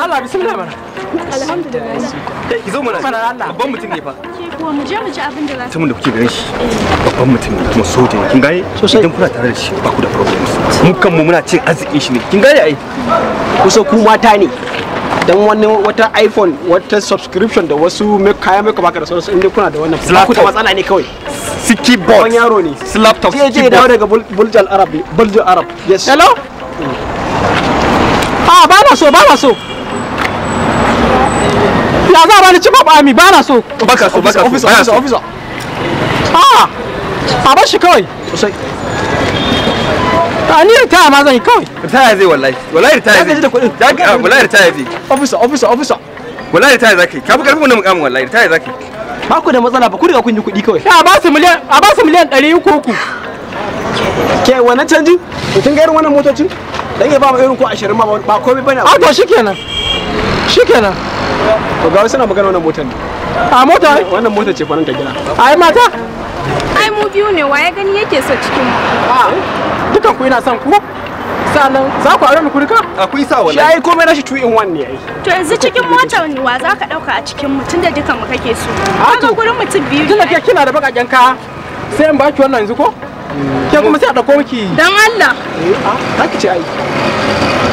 Da Allah bismillah mana. Alhamdulillah. Kai ki zo mana. Mana Allah. Babban mutum ne fa. Kuwa mu je mu ci abin da za. Mutumin da kuke ganin shi eh. babban mutum ne kuma soja ne. Kin gane? Idan kuna tare da shi ba ku da problems. Mu kanmu muna cin arziki shi ne. Kin gane ai? Kusa ku mata ne. dan wani wata iphone wata subscription da wasu kayan mai baka da sauransu inda kuna da wannan ku matsala ne kawai siki bot wani yaro ne slap top siki bot dawo daga buljal arab buljal arab yes hello ah ba na so ba na so ya za bani chief of ba na so baka so baka so officer officer a ah, a bar shi kawai sosai ni ritaya ma zan yi kawai ritaya zai wallahi wallahi ritaya zai ya ga wallahi ritaya zai officer officer officer wallahi ritaya zaki ka fi karfin wannan mukamin wallahi ritaya zaki ba ku da matsala ba ku riga kun yi kuɗi kawai a ba su miliyan a ba su miliyan 300 ke wannan canji mutum ga irin wannan motocin dan ya ba mu irin ko 20 ma ba komai bane a to shikenan shikenan to ga wasu na magana wannan motar ne a mota wannan mota ce farin ta gina ai mata ai mu biyu ne waye gani yake sa cikin mu ah, dukan ku ina son ku sanan za ku aure mu kurka akwai sa wallahi shi ai komai nashi 2 in 1 ne ai to yanzu cikin motar ne wa za ka dauka a cikin mu tunda dukan mu kake so ah, ga gurin mutum biyu tunda ke kina da bakaken ka sai in baki wannan yanzu ko ke kuma sai a dauko miki dan Allah eh a ah, zaki ce ai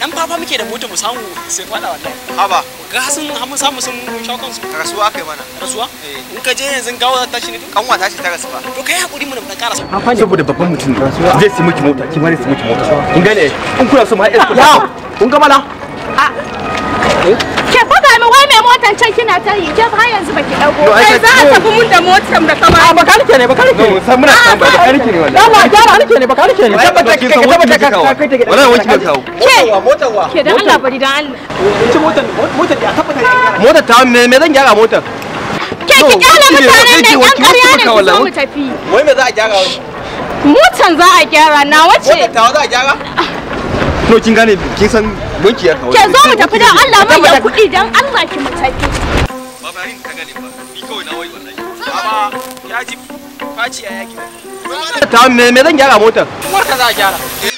dan fafa muke da mota mu samu sai fada wannan haba ga sun hamu samu sun mun sha kansu rasuwa kai mana rasuwa eh. in ka je yanzu ka ta tashi ne to kanwa tashi ta rasu ba to kai hakuri mu da karasa fafa ne saboda babban mutum ne zai su miki mota ki ma su miki mota kun gane in kuna so ma ya kun ga mala ah! Ke buga mi wai mai motan can kina ta yi ke ba yanzu baki dago. Kai za a tafi mun da motan da ka A ah, baka ne baka nake. san muna san ah, ba baka ne wallahi. Yawa gyara ne baka nake ne. Tabbata ka tabbata ka Wallahi ka kawo. Ke motar Ke da Allah bari dan Allah. Ke motar motar ya tabbata ya gyara. Motar ta me me zan gyara motar. Ke ki kyale mutanen nan dan ƙarya ne mu tafi. Wai me za a gyara wai? Motan za a gyara na wace? Motar ta za a gyara? Ah. No kin gane kin san Gunki ya kawo. zo mu tafi dan Allah mai da kuɗi dan Allah ki mu tafi. Ba ba ka ba. Ni kawai na wai ya ji faci a yaki. Ta me me zan gyara motar? Motar za a gyara.